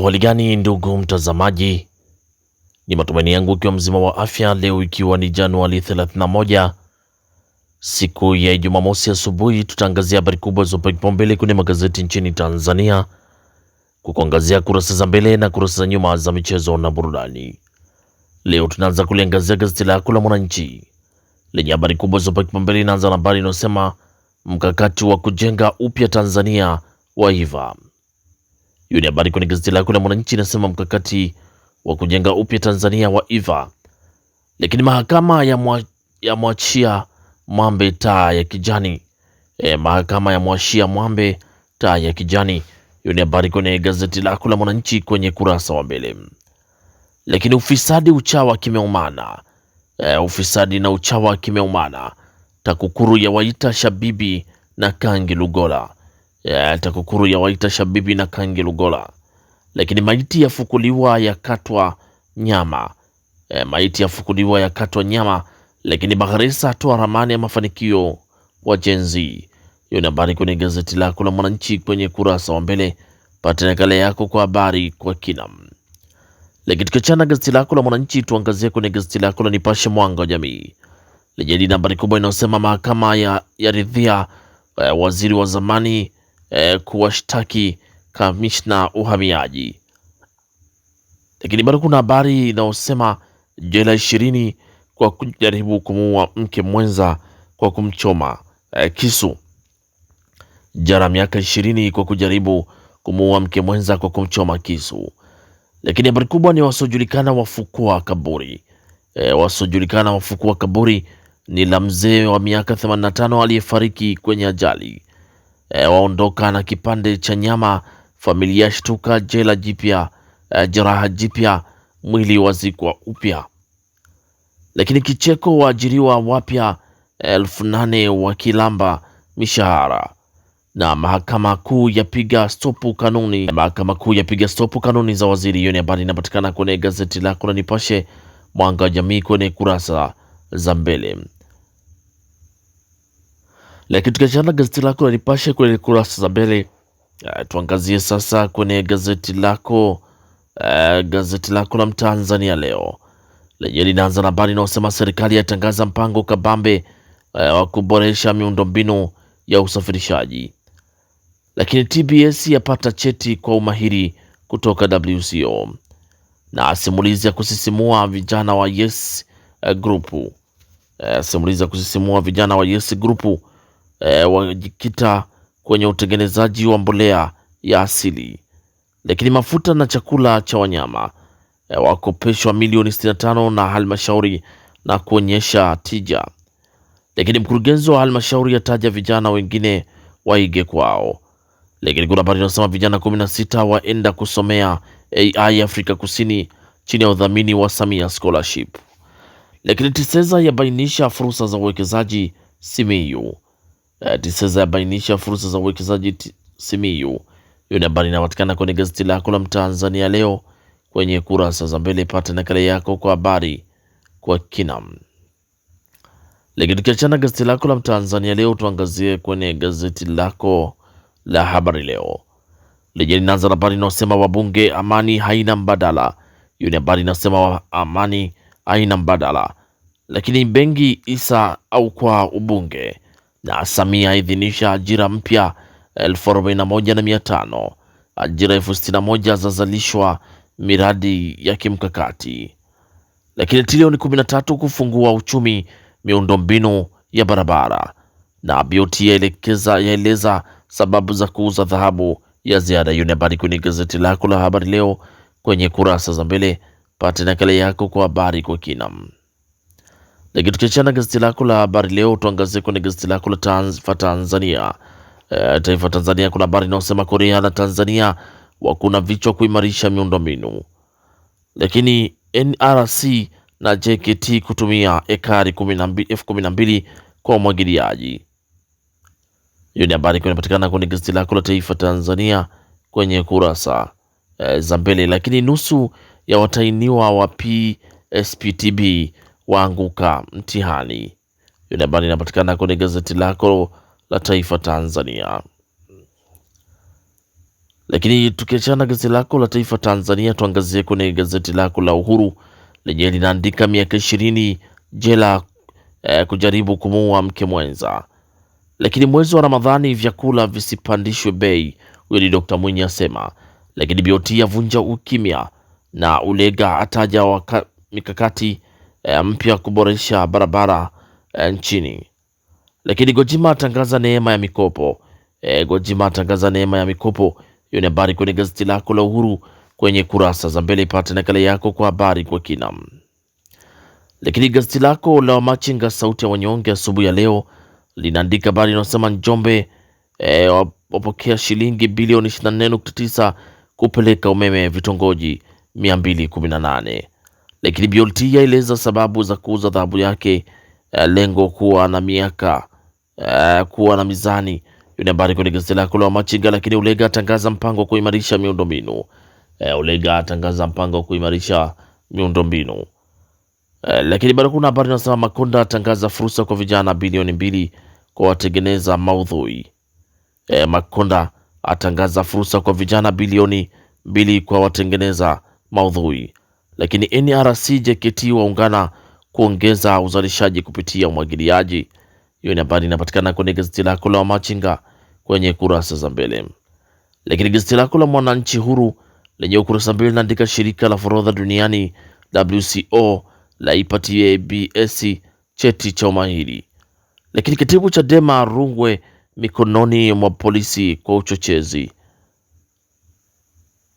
Uhali gani ndugu mtazamaji, ni matumaini yangu ikiwa mzima wa afya leo, ikiwa ni Januari 31 siku ya Jumamosi asubuhi, tutaangazia habari kubwa zopewa kipaumbele kwenye magazeti nchini Tanzania, kukuangazia kurasa za mbele na kurasa za nyuma za michezo na burudani. Leo tunaanza kuliangazia gazeti lako la Mwananchi lenye habari kubwa zopewa kipaumbele. Inaanza na habari inayosema mkakati wa kujenga upya Tanzania waiva hiyo ni habari kwenye gazeti lako la Mwananchi inasema mkakati wa kujenga upya Tanzania wa iva, lakini mahakama yamwachia ya mwambe taa ya kijani e, mahakama mwashia mwambe taa ya kijani. Hiyo ni habari kwenye gazeti lako la Mwananchi kwenye kurasa wa mbele. Lakini ufisadi uchawa kimeumana e, ufisadi na uchawa kimeumana. TAKUKURU yawaita Shabibi na Kangi Lugola ya TAKUKURU yawaita Shabibi na Kangi Lugola, lakini maiti yafukuliwa yakatwa nyama e, maiti yafukuliwa yakatwa nyama, lakini Bakhresa atoa ramani ya mafanikio wa jenzi. Z. Hiyo ni habari kwenye gazeti lako la Mwananchi kwenye kurasa wa mbele, pata nakala yako kwa habari kwa kina. Lakini tukiachana gazeti lako la Mwananchi, tuangazie kwenye gazeti lako la Nipashe Mwanga wa Jamii lenye habari kubwa inayosema mahakama ya, ya ridhia e, waziri wa zamani eh, kuwashtaki kamishna uhamiaji. Lakini bado kuna habari inayosema jela ishirini kwa kujaribu kumuua mke mwenza kwa kumchoma eh, kisu. Jara miaka ishirini kwa kujaribu kumuua mke mwenza kwa kumchoma kisu. Lakini habari kubwa ni wasiojulikana wafukua kaburi. E, wasiojulikana wafukua kaburi ni la mzee wa miaka 85 aliyefariki kwenye ajali e, waondoka na kipande cha nyama. Familia shtuka jela jipya, e, jeraha jipya, mwili wazikwa upya. Lakini kicheko, waajiriwa wapya eh, elfu nane wakilamba mishahara. Na mahakama kuu yapiga stopu kanuni, mahakama kuu yapiga stopu kanuni za waziri. Hiyo ni habari inapatikana kwenye gazeti lako la Nipashe, mwanga wa jamii, kwenye kurasa za mbele. Lakini tukiachana gazeti lako la Nipashe kwenye kurasa za mbele, eh, tuangazie sasa kwenye gazeti lako uh, gazeti lako la Mtanzania leo lenye linaanza na habari inayosema serikali yatangaza mpango kabambe uh, wa kuboresha miundombinu ya usafirishaji. Lakini TBS yapata cheti kwa umahiri kutoka WCO na simulizi ya kusisimua vijana wa Yes uh, grupu uh, simulizi ya kusisimua vijana wa Yes grupu e, eh, wanajikita kwenye utengenezaji wa mbolea ya asili, lakini mafuta na chakula cha wanyama e, wakopeshwa milioni 65 na halmashauri na kuonyesha tija, lakini mkurugenzi wa halmashauri yataja vijana wengine waige kwao. Lakini kuna habari inasema vijana 16 waenda kusomea AI Afrika Kusini chini ya udhamini wa Samia Scholarship. Lakini Tiseza yabainisha fursa za uwekezaji Simiyu. Tiseza yabainisha fursa za uwekezaji Simiyu. Hiyo ni habari inapatikana kwenye gazeti lako la Mtanzania leo kwenye kurasa za mbele. Pata nakala yako kwa habari kwa kina. Lakini tukiachana gazeti lako la Mtanzania leo, tuangazie kwenye gazeti lako la Habari Leo lenye linaanza na habari inayosema wabunge, amani haina mbadala. Hiyo ni habari inasema amani haina mbadala, lakini bengi isa au kwa ubunge na Samia aidhinisha ajira mpya elfu ajira elfu zazalishwa miradi ya kimkakati. Lakini trilioni 13 kufungua uchumi miundombinu ya barabara, na BOT yaelekeza yaeleza sababu za kuuza dhahabu ya ziada. Hiyo ni habari kwenye gazeti lako la habari leo kwenye kurasa za mbele. Pata nakala yako kwa habari kwa kina. Na kitu kichana gazeti lako la habari leo, tuangazie kwenye gazeti lako la Taifa Tanzania. E, Taifa Tanzania kuna habari inayosema Korea na Tanzania wakuna vichwa kuimarisha miundombinu, lakini NRC na JKT kutumia ekari elfu kumi na mbili kwa umwagiliaji. Hiyo ni habari inapatikana kwenye gazeti lako la Taifa Tanzania kwenye kurasa e, za mbele. Lakini nusu ya watainiwa wa PSPTB waanguka mtihani. Hiyo ni habari inapatikana kwenye gazeti lako la Taifa Tanzania. Lakini tukiachana na gazeti lako la Taifa Tanzania, tuangazie kwenye gazeti lako la Uhuru lenye linaandika miaka ishirini jela eh, kujaribu kumuua mke mwenza. Lakini mwezi wa Ramadhani vyakula visipandishwe bei, huyo ni Dkt Mwinyi asema. Lakini BOT yavunja ukimya na Ulega ataja mikakati Eh, mpya kuboresha barabara eh, nchini. Lakini Gojima atangaza neema ya mikopo e, Gojima atangaza neema ya mikopo. Hiyo ni habari kwenye gazeti lako la Uhuru kwenye kurasa za mbele. Ipate nakala yako kwa habari kwa kina. Lakini gazeti lako la Wamachinga sauti ya wanyonge asubuhi ya leo linaandika habari inayosema Njombe e, wapokea shilingi bilioni 24.9 kupeleka umeme vitongoji 218 lakini BOLT yaeleza sababu za kuuza dhahabu yake, uh, lengo kuwa na miaka uh, kuwa na mizani. ni habari kwenye gazeti lako la Wamachinga. Lakini Ulega atangaza mpango wa kuimarisha miundombinu. Eh, Ulega atangaza mpango wa kuimarisha miundombinu. Lakini bado kuna habari nasema Makonda atangaza fursa kwa vijana bilioni mbili kwa watengeneza maudhui. uh, Makonda atangaza fursa kwa vijana bilioni mbili kwa watengeneza maudhui lakini NRC JKT waungana kuongeza uzalishaji kupitia umwagiliaji. Hiyo ni habari inapatikana kwenye gazeti lako la machinga kwenye kurasa za mbele. Lakini gazeti lako la Mwananchi Huru lenye ukurasa mbili linaandika shirika la forodha duniani WCO la ipatie BS cheti cha umahiri. Lakini cha Dema Rungwe mikononi mwa polisi kwa uchochezi.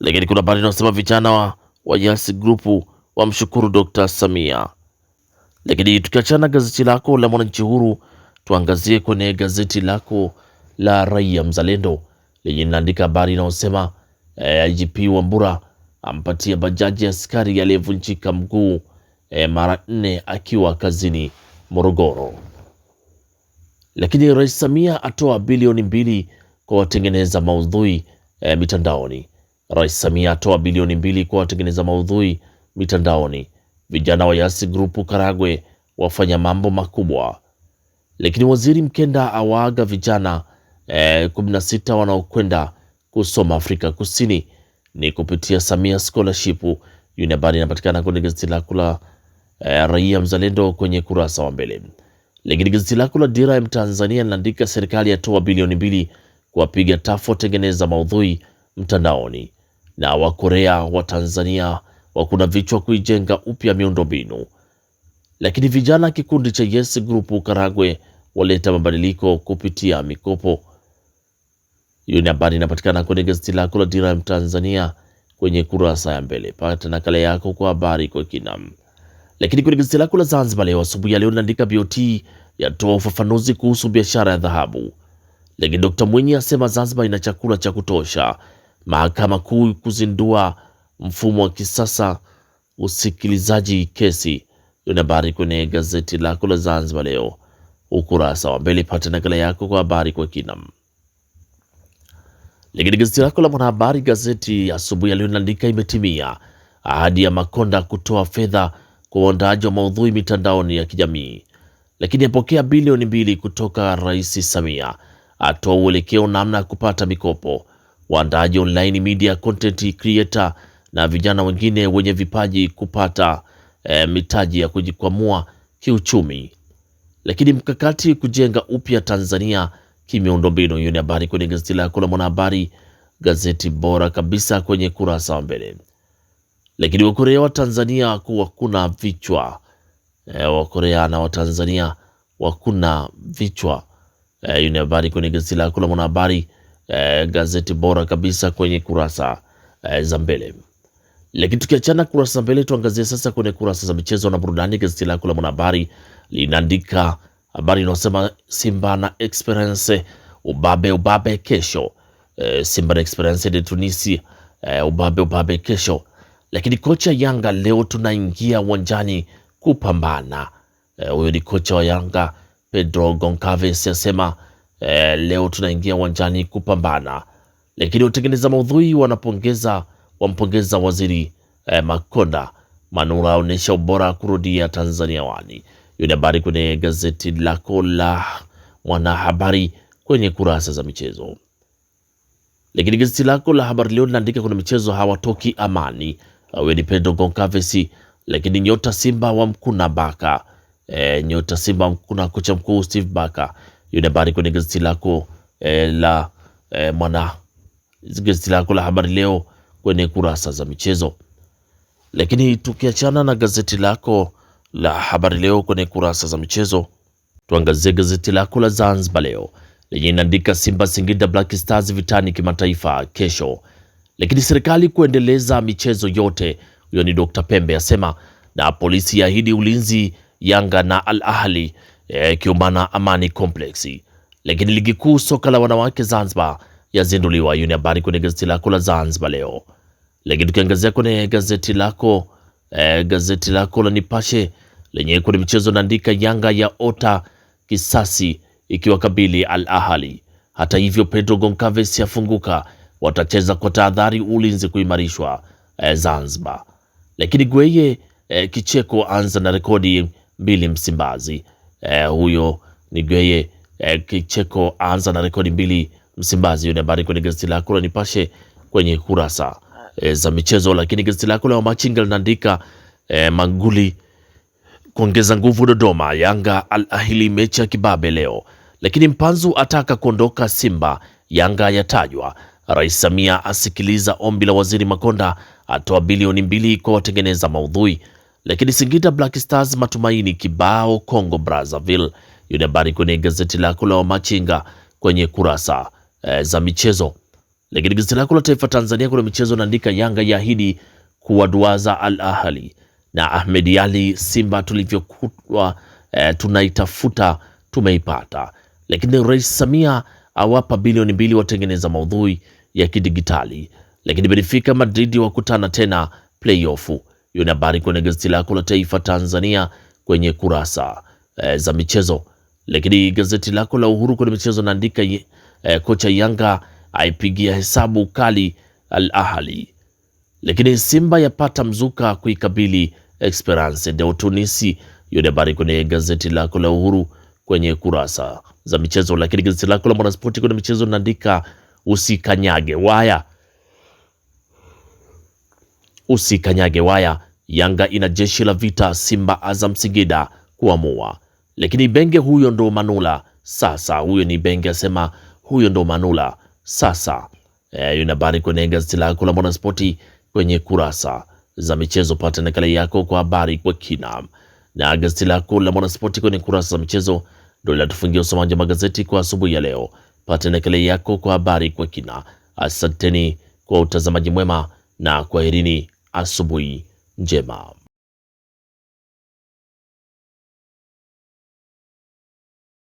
Lakini kuna habari inasema vijana wa wa Jasi Group wamshukuru Dr. Samia. Lakini tukiachana gazeti lako la Mwananchi Huru, tuangazie kwenye gazeti lako la Raia Mzalendo lenye linaandika habari inayosema eh, IGP Wambura ampatia bajaji askari aliyevunjika mguu eh, mara nne akiwa kazini Morogoro. Lakini Rais Samia atoa bilioni mbili kwa watengeneza maudhui eh, mitandaoni. Rais Samia atoa bilioni mbili kwa watengeneza maudhui mitandaoni. Vijana wa Yasi Grupu Karagwe wafanya mambo makubwa. Lakini Waziri Mkenda awaaga vijana eh, 16 wanaokwenda kusoma Afrika Kusini ni kupitia Samia Scholarship. Yuni ni habari inapatikana kwenye gazeti lako la eh, Raia Mzalendo kwenye kurasa wa mbele. Lakini gazeti lako la Dira ya Mtanzania linaandika serikali yatoa bilioni mbili kuwapiga tafu watengeneza maudhui mtandaoni na Wakorea wa Tanzania wakuna vichwa kuijenga upya miundombinu. Lakini vijana kikundi cha Yes Group Karagwe waleta mabadiliko kupitia mikopo. Hiyo ni habari inapatikana kwenye gazeti lako la Dira ya Mtanzania kwenye kurasa ya mbele. Pata nakala yako kwa habari kwa kina. Lakini kwenye gazeti lako la Zanzibar leo asubuhi ya leo linaandika BOT yatoa ufafanuzi kuhusu biashara ya dhahabu. Lakini Dr. Mwinyi asema Zanzibar ina chakula cha kutosha. Mahakama Kuu kuzindua mfumo wa kisasa usikilizaji kesi. Hiyo ni habari kwenye gazeti lako la Zanzibar Leo ukurasa wa mbele. Pata nakala yako kwa habari kwa kina. Lakini gazeti lako la Mwanahabari, gazeti asubuhi leo imetimia ahadi ya Makonda kutoa fedha kwa uandaaji wa maudhui mitandaoni ya kijamii. Lakini apokea bilioni mbili kutoka Rais Samia, atoa uelekeo namna ya kupata mikopo waandaji online media content creator na vijana wengine wenye vipaji kupata e, mitaji ya kujikwamua kiuchumi. Lakini mkakati kujenga upya Tanzania kimiundombinu. Hiyo ni habari kwenye gazeti lako la Mwanahabari, gazeti bora kabisa kwenye kurasa wa mbele. Lakini Wakorea wa Tanzania kuwa kuna vichwa e, Wakorea na Watanzania wakuna vichwa eh, hiyo e, ni habari kwenye gazeti lako la Mwanahabari eh, gazeti bora kabisa kwenye kurasa eh, za mbele. Lakini tukiachana kurasa za mbele, tuangazie sasa kwenye kurasa za michezo na burudani. Gazeti lako la Mwanahabari linaandika habari inayosema Simba na Experience ubabe ubabe kesho. Eh, Simba na Experience de Tunisi eh, ubabe ubabe kesho. Lakini kocha Yanga leo tunaingia uwanjani kupambana. Eh, huyo eh, ni kocha wa Yanga Pedro Goncalves asema ya e, leo tunaingia uwanjani kupambana. Lakini utengeneza maudhui wanapongeza wampongeza waziri e, Makonda Manura aonyesha ubora kurudia Tanzania wani. Hiyo ni habari kwenye gazeti lako la Mwanahabari kwenye kurasa za michezo. Lakini gazeti lako la Habari Leo linaandika kuna michezo hawatoki amani, ni Pendo Goncalves, lakini nyota Simba wa mkuna Baka e, nyota Simba mkuna kocha mkuu Steve Baka hiyo ni habari kwenye gazeti lako eh, la eh, mwana gazeti lako la habari leo kwenye kurasa za michezo. Lakini tukiachana na gazeti lako la habari leo kwenye kurasa za michezo, tuangazie gazeti lako la Zanzibar leo lenye inaandika Simba Singida Black Stars vitani kimataifa kesho, lakini serikali kuendeleza michezo yote. Huyo ni Dr Pembe asema, na polisi yaahidi ulinzi Yanga na Al Ahli e, eh, Kiumbana Amani Complex. Lakini ligi kuu soka la wanawake Zanzibar yazinduliwa. Hiyo ni habari kwenye gazeti lako la Zanzibar leo. Lakini tukiangazia kwenye gazeti lako eh, gazeti lako la Nipashe lenye kwenye michezo naandika Yanga ya ota kisasi kabili Al Ahali. Hata hivyo Pedro Goncalves afunguka, watacheza kwa tahadhari, ulinzi kuimarishwa eh, Zanzibar. Lakini Gweye eh, kicheko anza na rekodi mbili Msimbazi eh, huyo Gweye eh, Kicheko aanza na rekodi mbili Msimbazi. Hiyo ni habari kwenye gazeti lako la Nipashe kwenye kurasa eh, za michezo. Lakini gazeti lako la Wamachinga linaandika eh, Manguli kuongeza nguvu Dodoma, Yanga Al Ahili mechi ya kibabe leo. Lakini Mpanzu ataka kuondoka Simba, Yanga yatajwa. Rais Samia asikiliza ombi la waziri Makonda, atoa bilioni mbili kwa watengeneza maudhui lakini Singida Black Stars matumaini kibao Congo Brazzaville. Hiyo ni habari kwenye gazeti lako la Wamachinga kwenye kurasa e, za michezo. Lakini gazeti lako la Taifa Tanzania kuna michezo naandika Yanga yaahidi kuwaduaza Al Ahli na Ahmed Ali, Simba tulivyokutwa e, eh, tunaitafuta tumeipata. Lakini Rais Samia awapa bilioni mbili watengeneza maudhui ya kidigitali. Lakini Benfica Madrid wakutana tena playoff hiyo ni habari kwenye gazeti lako la Taifa Tanzania kwenye kurasa e, za michezo. Lakini gazeti lako la Uhuru kwenye michezo naandika e, eh, kocha Yanga aipigia hesabu kali Al Ahli. Lakini Simba yapata mzuka kuikabili Esperance de Tunisi. Hiyo ni habari kwenye gazeti lako la Uhuru kwenye kurasa za michezo. Lakini gazeti lako la Mwanaspoti kwenye michezo naandika usikanyage waya usikanyage waya. Yanga ina jeshi la vita, Simba Azam Singida kuamua. Lakini Benge huyo ndo Manula sasa, huyo ni Benge asema huyo ndo Manula sasa. E, habari kwenye gazeti lako la Mwanaspoti kwenye kurasa za michezo, pata nakala yako kwa habari kwa kina. Na gazeti lako la Mwanaspoti kwenye kurasa za michezo ndo linatufungia usomaji wa magazeti kwa asubuhi ya leo. Pata nakala yako kwa habari kwa kina. Asanteni kwa utazamaji mwema na kwaherini asubuhi njema.